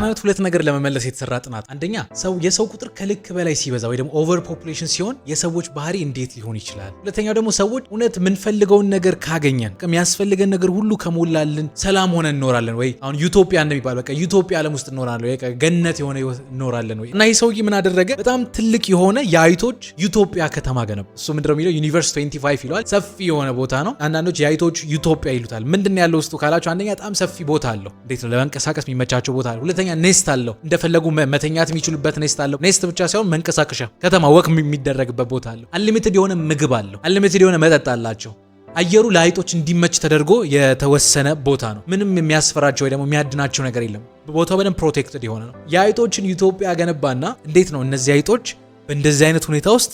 በአናት ሁለት ነገር ለመመለስ የተሰራ ጥናት፣ አንደኛ ሰው የሰው ቁጥር ከልክ በላይ ሲበዛ ወይ ደግሞ ኦቨር ፖፑሌሽን ሲሆን የሰዎች ባህሪ እንዴት ሊሆን ይችላል። ሁለተኛው ደግሞ ሰዎች እውነት የምንፈልገውን ነገር ካገኘን የሚያስፈልገን ነገር ሁሉ ከሞላልን ሰላም ሆነ እንኖራለን ወይ አሁን ዩቶፒያ እንደሚባል በቃ ዩቶፒያ ዓለም ውስጥ እንኖራለን ወይ ገነት የሆነ እንኖራለን ወይ እና ይህ ሰውዬ ምን አደረገ? በጣም ትልቅ የሆነ የአይቶች ዩቶፒያ ከተማ ገነቡ። እሱ ምንድነው የሚለው ዩኒቨርስ 25 ይለዋል። ሰፊ የሆነ ቦታ ነው። አንዳንዶች የአይቶች ዩቶፒያ ይሉታል። ምንድን ያለው ውስጡ ካላቸው አንደኛ በጣም ሰፊ ቦታ አለው። እንዴት ነው ለመንቀሳቀስ የሚመቻቸው ቦታ አለ። ሁለተኛ ኔስት አለው። እንደፈለጉ መተኛት የሚችሉበት ኔስት አለው። ኔስት ብቻ ሳይሆን መንቀሳቀሻ ከተማ ወቅ የሚደረግበት ቦታ አለው። አንሊሚትድ የሆነ ምግብ አለው። አንሊሚትድ የሆነ መጠጥ አላቸው። አየሩ ለአይጦች እንዲመች ተደርጎ የተወሰነ ቦታ ነው። ምንም የሚያስፈራቸው ወይ ደግሞ የሚያድናቸው ነገር የለም። ቦታው በደንብ ፕሮቴክትድ የሆነ ነው። የአይጦችን ኢትዮጵያ ገነባና እንዴት ነው እነዚህ አይጦች በእንደዚህ አይነት ሁኔታ ውስጥ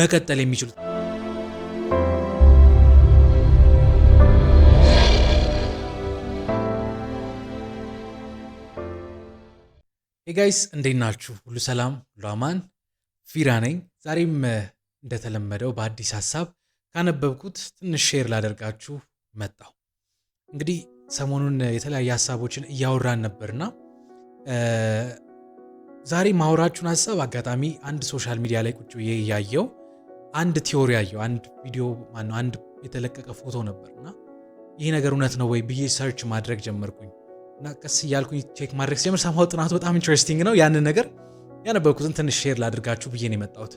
መቀጠል የሚችሉት? ሄጋይስ እንዴት ናችሁ? ሁሉ ሰላም፣ ሁሉ አማን። ፊራ ነኝ። ዛሬም እንደተለመደው በአዲስ ሀሳብ ካነበብኩት ትንሽ ሼር ላደርጋችሁ መጣሁ። እንግዲህ ሰሞኑን የተለያዩ ሀሳቦችን እያወራን ነበርና ዛሬ ማውራችሁን ሀሳብ አጋጣሚ አንድ ሶሻል ሚዲያ ላይ ቁጭ ብዬ እያየው አንድ ቲዮሪ ያየው አንድ ቪዲዮ ማነው አንድ የተለቀቀ ፎቶ ነበርና ይህ ነገር እውነት ነው ወይ ብዬ ሰርች ማድረግ ጀመርኩኝ። እና ቀስ እያልኩኝ ቼክ ማድረግ ሲጀምር ሰማሁ ጥናቱ በጣም ኢንትረስቲንግ ነው። ያንን ነገር ያነበብኩትን ትንሽ ሼር ላድርጋችሁ ብዬ ነው የመጣሁት።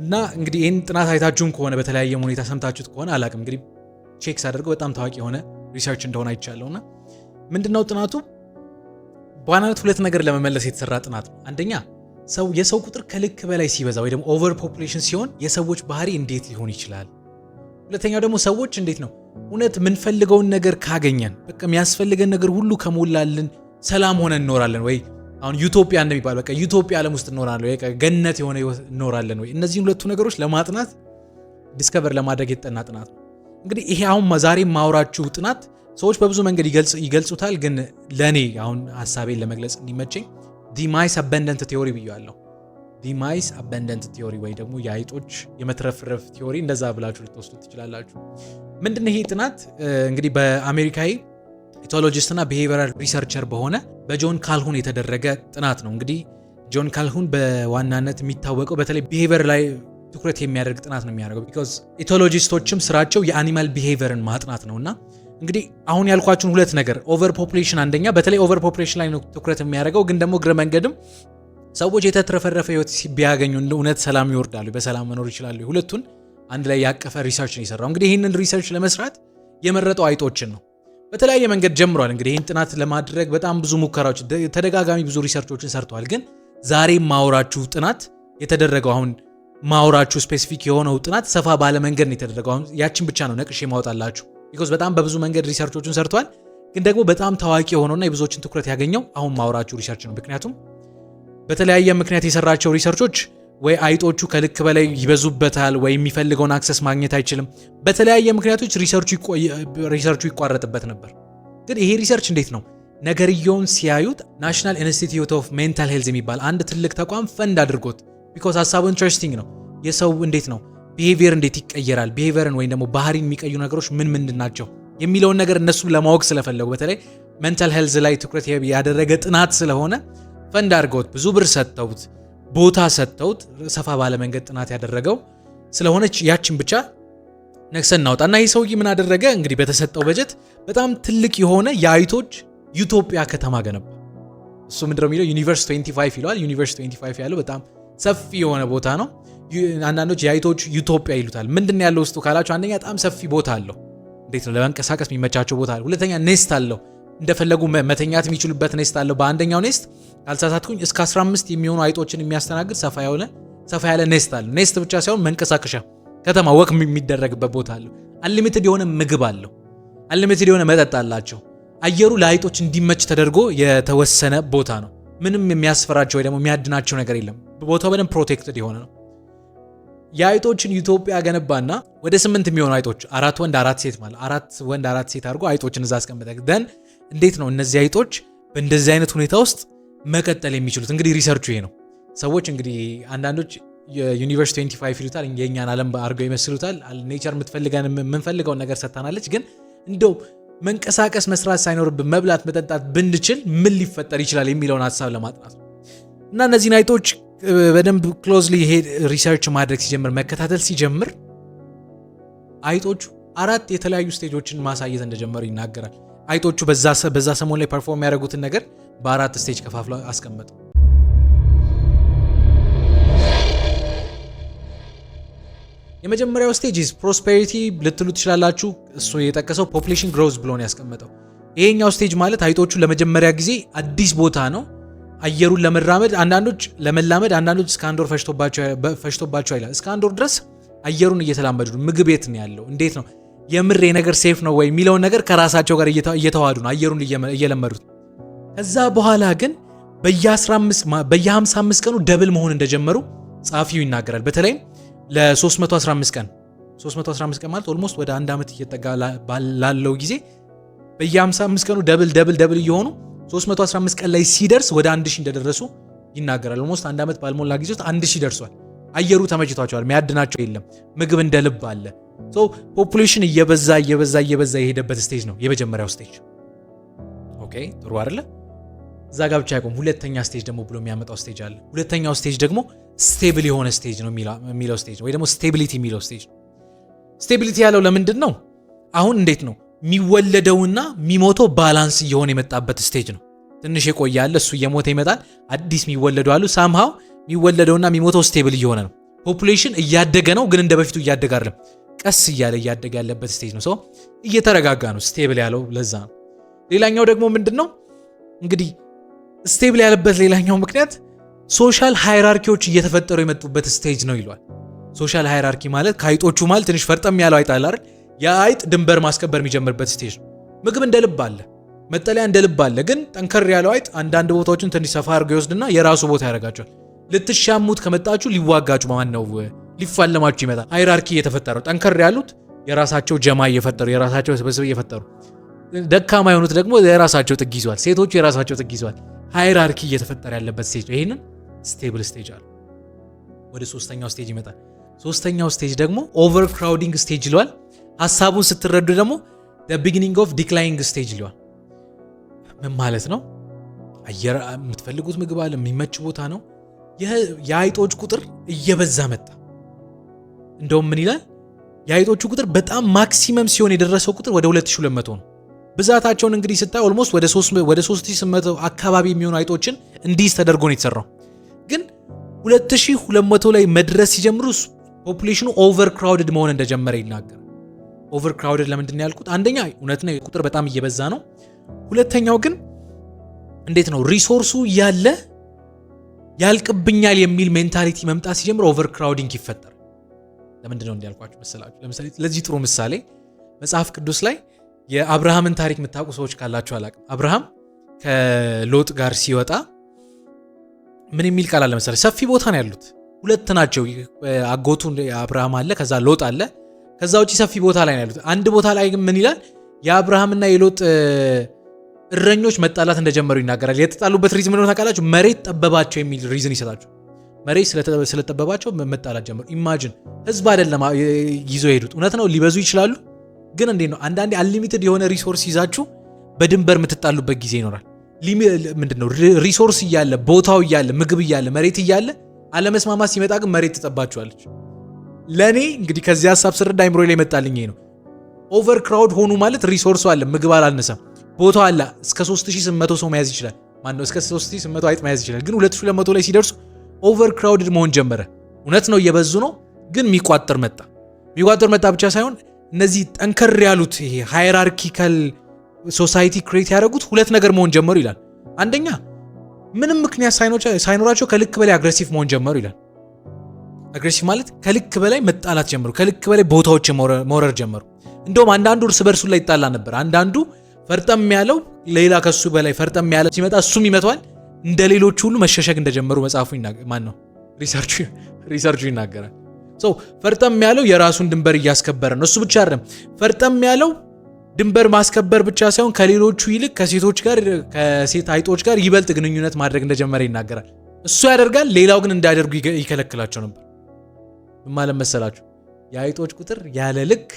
እና እንግዲህ ይህን ጥናት አይታችሁም ከሆነ በተለያየ ሁኔታ ሰምታችሁት ከሆነ አላቅም፣ እንግዲህ ቼክ ሳደርገው በጣም ታዋቂ የሆነ ሪሰርች እንደሆነ አይቻለሁ። እና ምንድነው ጥናቱ በዋናነት ሁለት ነገር ለመመለስ የተሰራ ጥናት ነው። አንደኛ ሰው የሰው ቁጥር ከልክ በላይ ሲበዛ ወይ ደግሞ ኦቨር ፖፑሌሽን ሲሆን የሰዎች ባህሪ እንዴት ሊሆን ይችላል? ሁለተኛው ደግሞ ሰዎች እንዴት ነው እውነት የምንፈልገውን ነገር ካገኘን በቃ የሚያስፈልገን ነገር ሁሉ ከሞላልን ሰላም ሆነ እንኖራለን ወይ? አሁን ዩቶፒያ እንደሚባል በቃ ዩቶፒያ ዓለም ውስጥ እንኖራለን ወይ? ገነት የሆነ እንኖራለን ወይ? እነዚህን ሁለቱ ነገሮች ለማጥናት ዲስከቨር ለማድረግ የተጠና ጥናት እንግዲህ ይሄ አሁን ዛሬ ማውራችሁ ጥናት ሰዎች በብዙ መንገድ ይገልጹታል፣ ግን ለእኔ አሁን ሀሳቤን ለመግለጽ እንዲመቸኝ ዲማይስ ማይስ አበንደንት ቴዎሪ ብያለሁ። ዲማይስ አበንደንት ቲዮሪ ወይ ደግሞ የአይጦች የመትረፍረፍ ቲዮሪ እንደዛ ብላችሁ ልትወስዱ ትችላላችሁ። ምንድን ይሄ ጥናት እንግዲህ በአሜሪካዊ ኢቶሎጂስት እና ሪሰርቸር በሆነ በጆን ካልሁን የተደረገ ጥናት ነው። እንግዲህ ጆን ካልሁን በዋናነት የሚታወቀው በተለይ ብሄቨር ላይ ትኩረት የሚያደርግ ጥናት ነው የሚያደርገው። ቢኮዝ ኢቶሎጂስቶችም ስራቸው የአኒማል ብሄቨርን ማጥናት ነው እና እንግዲህ አሁን ያልኳችሁን ሁለት ነገር ኦቨር ፖፕሌሽን አንደኛ፣ በተለይ ኦቨር ፖፕሌሽን ላይ ነው ትኩረት የሚያደርገው ግን ደግሞ እግረ መንገድም ሰዎች የተትረፈረፈ ህይወት ቢያገኙ እውነት ሰላም ይወርዳሉ፣ በሰላም መኖር ይችላሉ። ሁለቱን አንድ ላይ ያቀፈ ሪሰርች ነው የሰራው። እንግዲህ ይህንን ሪሰርች ለመስራት የመረጠው አይጦችን ነው። በተለያየ መንገድ ጀምሯል። እንግዲህ ይህን ጥናት ለማድረግ በጣም ብዙ ሙከራዎች፣ ተደጋጋሚ ብዙ ሪሰርቾችን ሰርተዋል። ግን ዛሬ ማውራችሁ ጥናት የተደረገው አሁን ማውራችሁ ስፔሲፊክ የሆነው ጥናት ሰፋ ባለ መንገድ ነው የተደረገው። አሁን ያችን ብቻ ነው ነቅሽ የማወጣላችሁ ቢኮዝ በጣም በብዙ መንገድ ሪሰርቾችን ሰርተዋል። ግን ደግሞ በጣም ታዋቂ የሆነውና የብዙዎችን ትኩረት ያገኘው አሁን ማውራችሁ ሪሰርች ነው ምክንያቱም በተለያየ ምክንያት የሰራቸው ሪሰርቾች ወይ አይጦቹ ከልክ በላይ ይበዙበታል፣ ወይ የሚፈልገውን አክሰስ ማግኘት አይችልም። በተለያየ ምክንያቶች ሪሰርቹ ይቋረጥበት ነበር። ግን ይሄ ሪሰርች እንዴት ነው ነገርየውን ሲያዩት ናሽናል ኢንስቲትዩት ኦፍ ሜንታል ሄልዝ የሚባል አንድ ትልቅ ተቋም ፈንድ አድርጎት፣ ቢኮዝ ሀሳቡ ኢንትረስቲንግ ነው። የሰው እንዴት ነው ቢሄቪየር እንዴት ይቀየራል፣ ቢሄቪየርን ወይም ደግሞ ባህሪን የሚቀዩ ነገሮች ምን ምንድን ናቸው የሚለውን ነገር እነሱ ለማወቅ ስለፈለጉ በተለይ ሜንታል ሄልዝ ላይ ትኩረት ያደረገ ጥናት ስለሆነ ፈንድ አድርገውት ብዙ ብር ሰጥተውት ቦታ ሰጥተውት ሰፋ ባለ መንገድ ጥናት ያደረገው ስለሆነች ያችን ብቻ ነክሰን እናውጣ እና ይህ ሰውዬ ምን አደረገ እንግዲህ በተሰጠው በጀት በጣም ትልቅ የሆነ የአይቶች ዩቶጵያ ከተማ ገነባ። እሱ ምንድነው የሚለው ዩኒቨርስ 25 ይለዋል። ዩኒቨርስ 25 ያለው በጣም ሰፊ የሆነ ቦታ ነው። አንዳንዶች የአይቶች ዩቶጵያ ይሉታል። ምንድን ያለው ውስጡ ካላቸው አንደኛ በጣም ሰፊ ቦታ አለው። እንዴት ነው ለመንቀሳቀስ የሚመቻቸው ቦታ አለ። ሁለተኛ ኔስት አለው፣ እንደፈለጉ መተኛት የሚችሉበት ኔስት አለው። በአንደኛው ኔስት ካልተሳሳትኩኝ እስከ 15 የሚሆኑ አይጦችን የሚያስተናግድ ሰፋ ያለ ሰፋ ያለ ኔስት አለ። ኔስት ብቻ ሳይሆን መንቀሳቀሻ ከተማ ወቅ የሚደረግበት ቦታ አለው። አንሊሚትድ የሆነ ምግብ አለው። አንሊሚትድ የሆነ መጠጥ አላቸው። አየሩ ለአይጦች እንዲመች ተደርጎ የተወሰነ ቦታ ነው። ምንም የሚያስፈራቸው ወይ ደግሞ የሚያድናቸው ነገር የለም። ቦታው በደንብ ፕሮቴክትድ የሆነ ነው። የአይጦችን ኢትዮጵያ ገነባና ወደ ስምንት የሚሆኑ አይጦች አራት ወንድ አራት ሴት ማለት አራት ወንድ አራት ሴት አድርጎ አይጦችን እዛ አስቀምጠ ደን እንዴት ነው እነዚህ አይጦች በእንደዚህ አይነት ሁኔታ ውስጥ መቀጠል የሚችሉት እንግዲህ ሪሰርቹ ይሄ ነው። ሰዎች እንግዲህ አንዳንዶች የዩኒቨርስ 25 ይሉታል የእኛን ዓለም አድርገው ይመስሉታል። ኔቸር የምንፈልገውን ነገር ሰጥታናለች፣ ግን እንደው መንቀሳቀስ መስራት ሳይኖርብን መብላት መጠጣት ብንችል ምን ሊፈጠር ይችላል የሚለውን ሀሳብ ለማጥናት እና እነዚህን አይቶች በደንብ ክሎዝሊ ሪሰርች ማድረግ ሲጀምር መከታተል ሲጀምር አይጦቹ አራት የተለያዩ ስቴጆችን ማሳየት እንደጀመሩ ይናገራል። አይጦቹ በዛ ሰሞን ላይ ፐርፎርም ያደረጉትን ነገር በአራት ስቴጅ ከፋፍሎ አስቀመጠው። የመጀመሪያው ስቴጅ ፕሮስፔሪቲ ልትሉ ትችላላችሁ። እሱ የጠቀሰው ፖፕሌሽን ግሮዝ ብሎ ነው ያስቀመጠው። ይሄኛው ስቴጅ ማለት አይጦቹ ለመጀመሪያ ጊዜ አዲስ ቦታ ነው አየሩን ለመራመድ አንዳንዶች ለመላመድ አንዳንዶች እስከ አንድ ወር ፈጅቶባቸው ይላል። እስከ አንዶር ድረስ አየሩን እየተላመዱ ነው። ምግብ ቤት ነው ያለው፣ እንዴት ነው የምር ነገር ሴፍ ነው ወይ የሚለውን ነገር ከራሳቸው ጋር እየተዋሃዱ ነው። አየሩን እየለመዱት ከዛ በኋላ ግን በየ55 ቀኑ ደብል መሆን እንደጀመሩ ጸሐፊው ይናገራል። በተለይም ለ315 ቀን 315 ቀን ማለት ኦልሞስት ወደ አንድ ዓመት እየጠጋ ላለው ጊዜ በየ55 ቀኑ ደብል ደብል ደብል እየሆኑ 315 ቀን ላይ ሲደርስ ወደ 1000 እንደደረሱ ይናገራል። ኦልሞስት አንድ ዓመት ባልሞላ ጊዜ ውስጥ 1000 ደርሷል። አየሩ ተመችቷቸዋል። የሚያድናቸው የለም። ምግብ እንደ ልብ አለ። ፖፑሌሽን እየበዛ እየበዛ እየበዛ የሄደበት ስቴጅ ነው የመጀመሪያው ስቴጅ። ኦኬ ጥሩ አይደለ? እዛ ጋ ብቻ አይቆም። ሁለተኛ ስቴጅ ደግሞ ብሎ የሚያመጣው ስቴጅ አለ። ሁለተኛው ስቴጅ ደግሞ ስቴብል የሆነ ስቴጅ ነው የሚለው ስቴጅ ወይ ደግሞ ስቴቢሊቲ የሚለው ስቴጅ። ስቴቢሊቲ ያለው ለምንድን ነው? አሁን እንዴት ነው የሚወለደውና የሚሞተው ባላንስ እየሆነ የመጣበት ስቴጅ ነው። ትንሽ የቆየ አለ፣ እሱ እየሞተ ይመጣል። አዲስ የሚወለዱ አሉ። ሳምሃው የሚወለደውና የሚሞተው ስቴብል እየሆነ ነው። ፖፑሌሽን እያደገ ነው፣ ግን እንደ በፊቱ እያደገ አይደለም። ቀስ እያለ እያደገ ያለበት ስቴጅ ነው። ሰው እየተረጋጋ ነው። ስቴብል ያለው ለዛ ነው። ሌላኛው ደግሞ ምንድን ነው እንግዲህ ስቴብል ያለበት ሌላኛው ምክንያት ሶሻል ሃይራርኪዎች እየተፈጠሩ የመጡበት ስቴጅ ነው ይሏል። ሶሻል ሃይራርኪ ማለት ከአይጦቹ ማለት ትንሽ ፈርጠም ያለው አይጥ አለ አይደል? የአይጥ ድንበር ማስከበር የሚጀምርበት ስቴጅ ነው። ምግብ እንደ ልብ አለ፣ መጠለያ እንደ ልብ አለ። ግን ጠንከር ያለው አይጥ አንዳንድ ቦታዎችን ትንሽ ሰፋ አድርገው ይወስድና የራሱ ቦታ ያደርጋቸዋል። ልትሻሙት ከመጣችሁ ሊዋጋችሁ ማን ነው ሊፋለማችሁ ይመጣል። ሃይራርኪ እየተፈጠረው ጠንከር ያሉት የራሳቸው ጀማ እየፈጠሩ የራሳቸው ስብስብ እየፈጠሩ ደካማ የሆኑት ደግሞ የራሳቸው ጥግ ይዟል። ሴቶቹ የራሳቸው ጥግ ይዟል። ሃይራርኪ እየተፈጠረ ያለበት ስቴጅ ነው። ይህንን ስቴብል ስቴጅ አለ። ወደ ሶስተኛው ስቴጅ ይመጣል። ሶስተኛው ስቴጅ ደግሞ ኦቨር ክራውዲንግ ስቴጅ ይለዋል። ሀሳቡን ስትረዱ ደግሞ ቢግኒንግ ኦፍ ዲክላይንግ ስቴጅ ይለዋል። ምን ማለት ነው? አየር የምትፈልጉት ምግብ አለ፣ የሚመች ቦታ ነው። የአይጦች ቁጥር እየበዛ መጣ። እንደውም ምን ይላል? የአይጦቹ ቁጥር በጣም ማክሲመም ሲሆን የደረሰው ቁጥር ወደ 2200 ነው። ብዛታቸውን እንግዲህ ስታይ ኦልሞስት ወደ 3800 አካባቢ የሚሆኑ አይጦችን እንዲይዝ ተደርጎ ነው የተሰራው። ግን 2200 ላይ መድረስ ሲጀምሩ ፖፑሌሽኑ ኦቨር ክራውድድ መሆን እንደጀመረ ይናገራል። ኦቨር ክራውድድ ለምንድን ያልኩት? አንደኛ እውነት ነው ቁጥር በጣም እየበዛ ነው። ሁለተኛው ግን እንዴት ነው ሪሶርሱ ያለ ያልቅብኛል የሚል ሜንታሊቲ መምጣት ሲጀምር ኦቨር ክራውዲንግ ይፈጠራል። ለምንድን ነው እንዲያልኳችሁ መሰላችሁ? ለምሳሌ ለዚህ ጥሩ ምሳሌ መጽሐፍ ቅዱስ ላይ የአብርሃምን ታሪክ የምታውቁ ሰዎች ካላችሁ አላቅም። አብርሃም ከሎጥ ጋር ሲወጣ ምን የሚል ቃል አለ መሰለህ? ሰፊ ቦታ ነው ያሉት፣ ሁለት ናቸው። አጎቱ አብርሃም አለ፣ ከዛ ሎጥ አለ። ከዛ ውጭ ሰፊ ቦታ ላይ ነው ያሉት። አንድ ቦታ ላይ ምን ይላል? የአብርሃምና የሎጥ እረኞች መጣላት እንደጀመሩ ይናገራል። የተጣሉበት ሪዝም እንደሆነ ታውቃላችሁ። መሬት ጠበባቸው የሚል ሪዝን ይሰጣቸው። መሬት ስለጠበባቸው መጣላት ጀመሩ። ኢማጅን ህዝብ አይደለም ይዞ የሄዱት። እውነት ነው ሊበዙ ይችላሉ ግን እንዴት ነው አንዳንዴ አንሊሚትድ የሆነ ሪሶርስ ይዛችሁ በድንበር የምትጣሉበት ጊዜ ይኖራል። ምንድነው ሪሶርስ እያለ ቦታው እያለ ምግብ እያለ መሬት እያለ አለመስማማት ሲመጣ ግን መሬት ትጠባችኋለች። ለእኔ እንግዲህ ከዚህ ሀሳብ ስርድ አይምሮ ላይ መጣልኝ ነው ኦቨር ክራውድ ሆኑ ማለት ሪሶርሱ አለ፣ ምግብ አላነሳም፣ ቦታ አለ። እስከ 3800 ሰው መያዝ ይችላል። ማነው እስከ 3800 አይጥ መያዝ ይችላል። ግን 2200 ላይ ሲደርሱ ኦቨር ክራውድድ መሆን ጀመረ። እውነት ነው፣ እየበዙ ነው። ግን የሚቋጥር መጣ። የሚቋጥር መጣ ብቻ ሳይሆን እነዚህ ጠንከር ያሉት ይሄ ሃይራርኪካል ሶሳይቲ ክሬት ያደረጉት ሁለት ነገር መሆን ጀመሩ ይላል። አንደኛ ምንም ምክንያት ሳይኖራቸው ከልክ በላይ አግሬሲቭ መሆን ጀመሩ ይላል። አግሬሲቭ ማለት ከልክ በላይ መጣላት ጀመሩ፣ ከልክ በላይ ቦታዎች መውረር ጀመሩ። እንደውም አንዳንዱ እርስ በእርሱ ላይ ይጣላ ነበር። አንዳንዱ ፈርጠም ያለው ሌላ ከሱ በላይ ፈርጠም ያለ ሲመጣ እሱም ይመቷል። እንደ ሌሎቹ ሁሉ መሸሸግ እንደጀመሩ መጽሐፉ ማን ነው ሪሰርቹ ይናገራል። ሰው ፈርጠም ያለው የራሱን ድንበር እያስከበረ ነው። እሱ ብቻ አይደለም ፈርጠም ያለው ድንበር ማስከበር ብቻ ሳይሆን ከሌሎቹ ይልቅ ከሴቶች ጋር ከሴት አይጦች ጋር ይበልጥ ግንኙነት ማድረግ እንደጀመረ ይናገራል። እሱ ያደርጋል፣ ሌላው ግን እንዳያደርጉ ይከለክላቸው ነበር። ማለት መሰላችሁ የአይጦች ቁጥር ያለ ልክ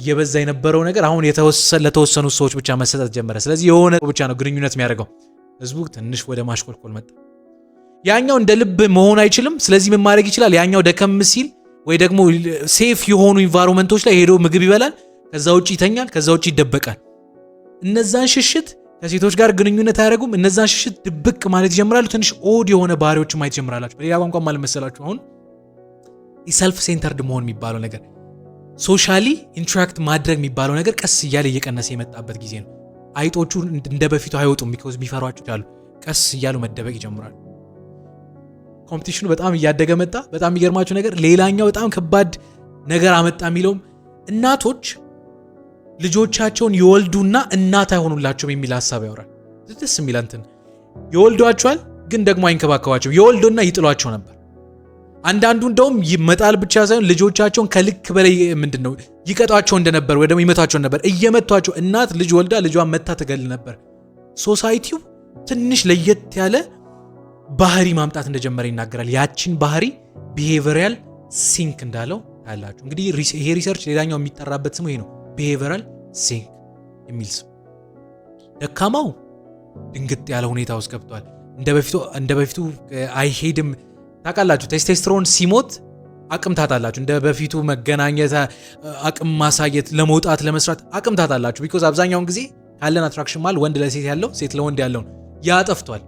እየበዛ የነበረው ነገር አሁን ለተወሰኑ ሰዎች ብቻ መሰጠት ጀመረ። ስለዚህ የሆነ ብቻ ነው ግንኙነት የሚያደርገው። ህዝቡ ትንሽ ወደ ማሽቆልቆል መጣ። ያኛው እንደ ልብ መሆን አይችልም። ስለዚህ ምን ማድረግ ይችላል? ያኛው ደከም ሲል ወይ ደግሞ ሴፍ የሆኑ ኢንቫይሮንመንቶች ላይ ሄዶ ምግብ ይበላል፣ ከዛ ውጭ ይተኛል፣ ከዛ ውጭ ይደበቃል። እነዛን ሽሽት ከሴቶች ጋር ግንኙነት አያደርጉም። እነዛን ሽሽት ድብቅ ማለት ይጀምራሉ። ትንሽ ኦድ የሆነ ባህሪዎች ማየት ይጀምራላችሁ። በሌላ ቋንቋ ማለት መሰላችሁ አሁን ሰልፍ ሴንተርድ መሆን የሚባለው ነገር ሶሻሊ ኢንትራክት ማድረግ የሚባለው ነገር ቀስ እያለ እየቀነሰ የመጣበት ጊዜ ነው። አይጦቹ እንደ በፊቱ አይወጡም፣ ቢኮዝ ቢፈሯቸው ይችላሉ። ቀስ እያሉ መደበቅ ይጀምራሉ። ኮምፒቲሽኑ በጣም እያደገ መጣ። በጣም የሚገርማቸው ነገር ሌላኛው በጣም ከባድ ነገር አመጣ የሚለውም እናቶች ልጆቻቸውን ይወልዱና እናት አይሆኑላቸውም የሚል ሀሳብ ያወራል። ደስ የሚል እንትን ይወልዷቸዋል፣ ግን ደግሞ አይንከባከባቸው ይወልዱና ይጥሏቸው ነበር። አንዳንዱ እንደውም መጣል ብቻ ሳይሆን ልጆቻቸውን ከልክ በላይ ምንድን ነው ይቀጧቸው እንደነበር ወይ ደግሞ ይመቷቸው ነበር። እየመቷቸው እናት ልጅ ወልዳ ልጇን መታ ትገል ነበር። ሶሳይቲው ትንሽ ለየት ያለ ባህሪ ማምጣት እንደጀመረ ይናገራል። ያችን ባህሪ ቢሄቨራል ሲንክ እንዳለው ያላችሁ እንግዲህ ይሄ ሪሰርች ሌላኛው የሚጠራበት ስሙ ይሄ ነው፣ ቢሄቨራል ሲንክ የሚል ስም። ደካማው ድንግጥ ያለ ሁኔታ ውስጥ ገብቷል። እንደ በፊቱ አይሄድም። ታውቃላችሁ፣ ቴስቴስትሮን ሲሞት አቅም ታጣላችሁ። እንደ በፊቱ መገናኘት፣ አቅም ማሳየት፣ ለመውጣት፣ ለመስራት አቅም ታጣላችሁ። ቢኮዝ አብዛኛውን ጊዜ ካለን አትራክሽን ማል ወንድ ለሴት ያለው ሴት ለወንድ ያለውን ያጠፍቷል።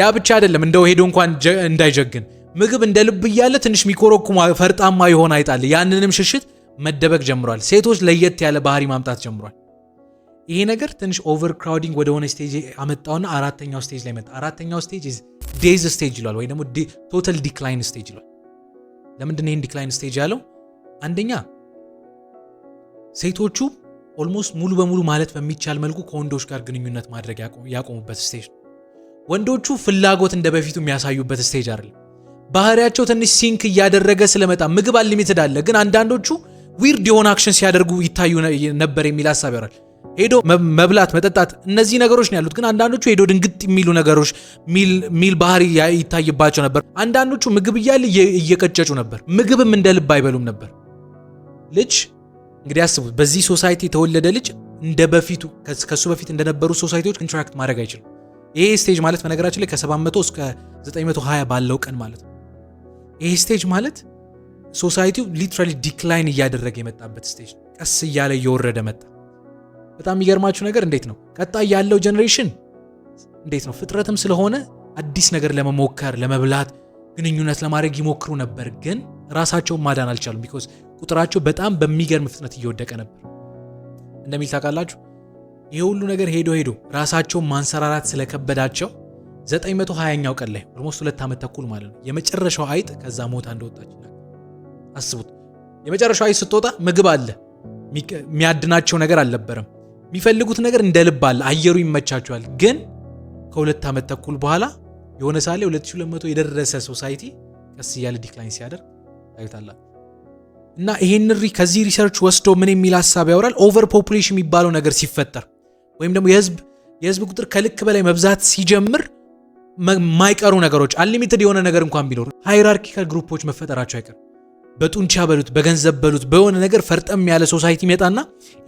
ያ ብቻ አይደለም፣ እንደው ሄዶ እንኳን እንዳይጀግን ምግብ እንደ ልብ እያለ ትንሽ ሚኮረኩማ ፈርጣማ የሆነ አይጣል ያንንም ሽሽት መደበቅ ጀምሯል። ሴቶች ለየት ያለ ባህሪ ማምጣት ጀምሯል። ይሄ ነገር ትንሽ ኦቨር ክራውዲንግ ወደ ሆነ ስቴጅ አመጣውና አራተኛው ስቴጅ ላይ መጣ። አራተኛው ስቴጅ ዴዝ ስቴጅ ይሏል፣ ወይ ደግሞ ቶታል ዲክላይን ስቴጅ ይሏል። ለምንድን ይህን ዲክላይን ስቴጅ ያለው? አንደኛ ሴቶቹ ኦልሞስት ሙሉ በሙሉ ማለት በሚቻል መልኩ ከወንዶች ጋር ግንኙነት ማድረግ ያቆሙበት ስቴጅ ነው። ወንዶቹ ፍላጎት እንደ በፊቱ የሚያሳዩበት ስቴጅ አይደለም። ባህሪያቸው ትንሽ ሲንክ እያደረገ ስለመጣ ምግብ አልሚትድ አለ፣ ግን አንዳንዶቹ ዊርድ የሆነ አክሽን ሲያደርጉ ይታዩ ነበር የሚል ሀሳብ ያወራል። ሄዶ መብላት፣ መጠጣት እነዚህ ነገሮች ነው ያሉት፣ ግን አንዳንዶቹ ሄዶ ድንግጥ የሚሉ ነገሮች ሚል ባህሪ ይታይባቸው ነበር። አንዳንዶቹ ምግብ እያለ እየቀጨጩ ነበር። ምግብም እንደ ልብ አይበሉም ነበር። ልጅ እንግዲህ አስቡት፣ በዚህ ሶሳይቲ የተወለደ ልጅ እንደ በፊቱ ከሱ በፊት እንደነበሩ ሶሳይቲዎች ኢንትራክት ማድረግ አይችልም። ይሄ ስቴጅ ማለት በነገራችን ላይ ከ700 እስከ 920 ባለው ቀን ማለት ነው። ይሄ ስቴጅ ማለት ሶሳይቲው ሊትራሊ ዲክላይን እያደረገ የመጣበት ስቴጅ ነው። ቀስ እያለ እየወረደ መጣ። በጣም የሚገርማችሁ ነገር እንዴት ነው ቀጣይ ያለው ጀኔሬሽን እንዴት ነው ፍጥረትም ስለሆነ አዲስ ነገር ለመሞከር ለመብላት፣ ግንኙነት ለማድረግ ይሞክሩ ነበር፣ ግን ራሳቸውን ማዳን አልቻሉም። ቢኮዝ ቁጥራቸው በጣም በሚገርም ፍጥነት እየወደቀ ነበር እንደሚል ታውቃላችሁ። ይህ ሁሉ ነገር ሄዶ ሄዶ ራሳቸውን ማንሰራራት ስለከበዳቸው 920ኛው ቀን ላይ ኦልሞስት ሁለት ዓመት ተኩል ማለት ነው የመጨረሻው አይጥ ከዛ ሞታ እንደወጣች አስቡት። የመጨረሻው አይጥ ስትወጣ ምግብ አለ፣ የሚያድናቸው ነገር አልነበረም። የሚፈልጉት ነገር እንደ ልብ አለ፣ አየሩ ይመቻቸዋል። ግን ከሁለት ዓመት ተኩል በኋላ የሆነ ሳሌ 2200 የደረሰ ሶሳይቲ ቀስ እያለ ዲክላይን ሲያደርግ ታዩታላችሁ። እና ይሄን ከዚህ ሪሰርች ወስዶ ምን የሚል ሀሳብ ያወራል? ኦቨር ፖፕሌሽን የሚባለው ነገር ሲፈጠር ወይም ደግሞ የህዝብ የህዝብ ቁጥር ከልክ በላይ መብዛት ሲጀምር የማይቀሩ ነገሮች አንሊሚትድ የሆነ ነገር እንኳን ቢኖር ሃይራርኪካል ግሩፖች መፈጠራቸው አይቀርም። በጡንቻ በሉት በገንዘብ በሉት በሆነ ነገር ፈርጠም ያለ ሶሳይቲ ይመጣና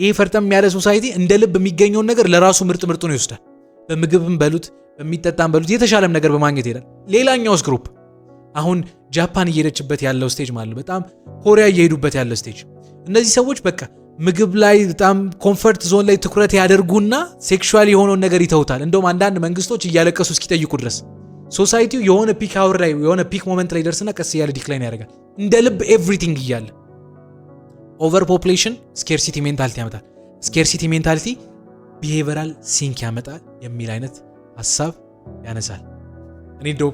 ይህ ፈርጠም ያለ ሶሳይቲ እንደ ልብ የሚገኘውን ነገር ለራሱ ምርጥ ምርጡን ይወስዳል። በምግብም በሉት በሚጠጣም በሉት የተሻለም ነገር በማግኘት ይሄዳል። ሌላኛውስ ግሩፕ አሁን ጃፓን እየሄደችበት ያለው ስቴጅ ማለት በጣም ኮሪያ እየሄዱበት ያለው ስቴጅ እነዚህ ሰዎች በቃ ምግብ ላይ በጣም ኮንፈርት ዞን ላይ ትኩረት ያደርጉና ሴክሹዋል የሆነውን ነገር ይተውታል። እንደውም አንዳንድ መንግስቶች እያለቀሱ እስኪጠይቁ ድረስ ሶሳይቲው የሆነ ፒክ አወር ላይ የሆነ ፒክ ሞመንት ላይ ደርስና ቀስ እያለ ዲክላይን ያደርጋል። እንደ ልብ ኤቭሪቲንግ እያለ ኦቨር ፖፕሌሽን ስኬርሲቲ ሜንታሊቲ ያመጣል። ስኬርሲቲ ሜንታሊቲ ቢሄቨራል ሲንክ ያመጣል የሚል አይነት ሀሳብ ያነሳል። እኔ እንደው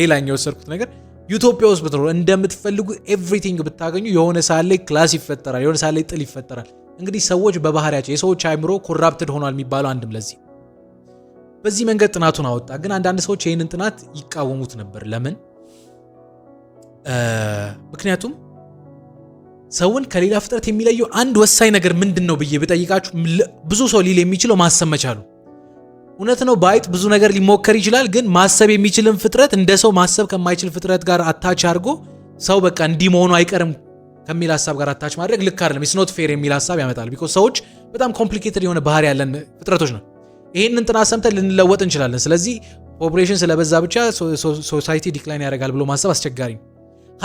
ሌላኛው የወሰድኩት ነገር ዩቶፒያ ውስጥ ብትኖሩ እንደምትፈልጉ ኤቭሪቲንግ ብታገኙ የሆነ ላይ ክላስ ይፈጠራል፣ የሆነ ላይ ጥል ይፈጠራል። እንግዲህ ሰዎች በባህሪያቸው የሰዎች አይምሮ ኮራፕትድ ሆኗል የሚባለው አንድም ለዚህ በዚህ መንገድ ጥናቱን አወጣ። ግን አንዳንድ ሰዎች ይህንን ጥናት ይቃወሙት ነበር። ለምን? ምክንያቱም ሰውን ከሌላ ፍጥረት የሚለየው አንድ ወሳኝ ነገር ምንድን ነው ብዬ ብጠይቃችሁ ብዙ ሰው ሊል የሚችለው ማሰብ መቻሉ እውነት ነው። በአይጥ ብዙ ነገር ሊሞከር ይችላል። ግን ማሰብ የሚችልን ፍጥረት እንደ ሰው ማሰብ ከማይችል ፍጥረት ጋር አታች አድርጎ ሰው በቃ እንዲህ መሆኑ አይቀርም ከሚል ሀሳብ ጋር አታች ማድረግ ልክ አይደለም። ኢትስ ኖት ፌር የሚል ሀሳብ ያመጣል። ቢኮዝ ሰዎች በጣም ኮምፕሊኬትድ የሆነ ባህሪ ያለን ፍጥረቶች ነው። ይህንን ጥናት ሰምተን ልንለወጥ እንችላለን። ስለዚህ ፖፑሌሽን ስለበዛ ብቻ ሶሳይቲ ዲክላይን ያደርጋል ብሎ ማሰብ አስቸጋሪ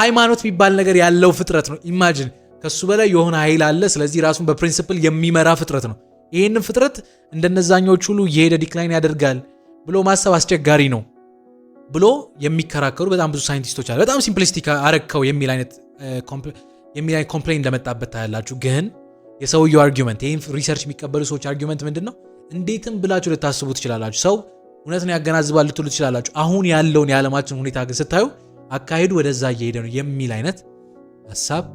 ሃይማኖት የሚባል ነገር ያለው ፍጥረት ነው። ኢማጂን ከሱ በላይ የሆነ ኃይል አለ። ስለዚህ ራሱን በፕሪንስፕል የሚመራ ፍጥረት ነው። ይህንን ፍጥረት እንደነዛኞች ሁሉ የሄደ ዲክላይን ያደርጋል ብሎ ማሰብ አስቸጋሪ ነው ብሎ የሚከራከሩ በጣም ብዙ ሳይንቲስቶች አሉ። በጣም ሲምፕሊስቲክ አረከው የሚል አይነት ኮምፕሌን እንደመጣበት ታያላችሁ። ግን የሰውየው አርጊመንት ይህን ሪሰርች የሚቀበሉ ሰዎች አርጊመንት ምንድን ነው? እንዴትም ብላችሁ ልታስቡ ትችላላችሁ። ሰው እውነት ያገናዝባል ልትሉ ትችላላችሁ። አሁን ያለውን የዓለማችን ሁኔታ ግን ስታዩ አካሄዱ ወደዛ እየሄደ ነው የሚል አይነት ሀሳብ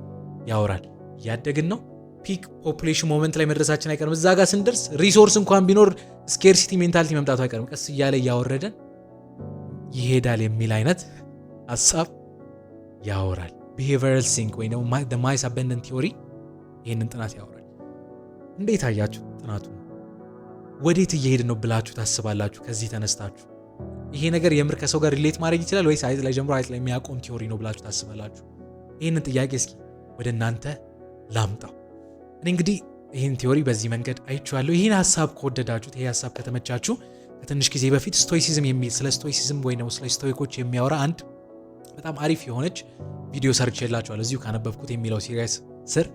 ያወራል። እያደግን ነው ፒክ ፖፕሌሽን ሞመንት ላይ መድረሳችን አይቀርም። እዛ ጋር ስንደርስ ሪሶርስ እንኳን ቢኖር ስኬርሲቲ ሜንታሊቲ መምጣቱ አይቀርም። ቀስ እያለ እያወረደን ይሄዳል የሚል አይነት ሀሳብ ያወራል። ቢሄቨራል ሲንክ ወይ ደግሞ ማይስ አበንደን ቲዎሪ ይህንን ጥናት ያወራል። እንዴት አያችሁ? ጥናቱ ወዴት እየሄድ ነው ብላችሁ ታስባላችሁ? ከዚህ ተነስታችሁ ይሄ ነገር የምር ከሰው ጋር ሪሌት ማድረግ ይችላል ወይስ አይጥ ላይ ጀምሮ አይጥ ላይ የሚያቆም ቲዎሪ ነው ብላችሁ ታስባላችሁ? ይህንን ጥያቄ እስኪ ወደ እናንተ ላምጣው። እኔ እንግዲህ ይህን ቲዎሪ በዚህ መንገድ አይቼዋለሁ። ይህን ሀሳብ ከወደዳችሁት፣ ይህ ሀሳብ ከተመቻችሁ ከትንሽ ጊዜ በፊት ስቶይሲዝም የሚል ስለ ስቶይሲዝም ወይ ነው ስለ ስቶይኮች የሚያወራ አንድ በጣም አሪፍ የሆነች ቪዲዮ ሰርች የላችኋል እዚሁ ካነበብኩት የሚለው ሲሪስ ስር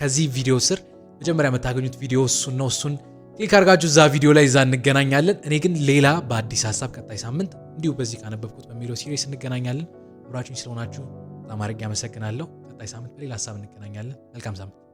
ከዚህ ቪዲዮ ስር መጀመሪያ የምታገኙት ቪዲዮ እሱን ነው። እሱን ክሊክ አድርጋችሁ እዛ ቪዲዮ ላይ እዛ እንገናኛለን። እኔ ግን ሌላ በአዲስ ሀሳብ ቀጣይ ሳምንት እንዲሁ በዚህ ካነበብኩት በሚለው ሲሪስ እንገናኛለን። አብራችሁኝ ስለሆናችሁ በጣም አድርጌ አመሰግናለሁ። ቀጣይ ሳምንት በሌላ ሀሳብ እንገናኛለን። መልካም ሳምንት።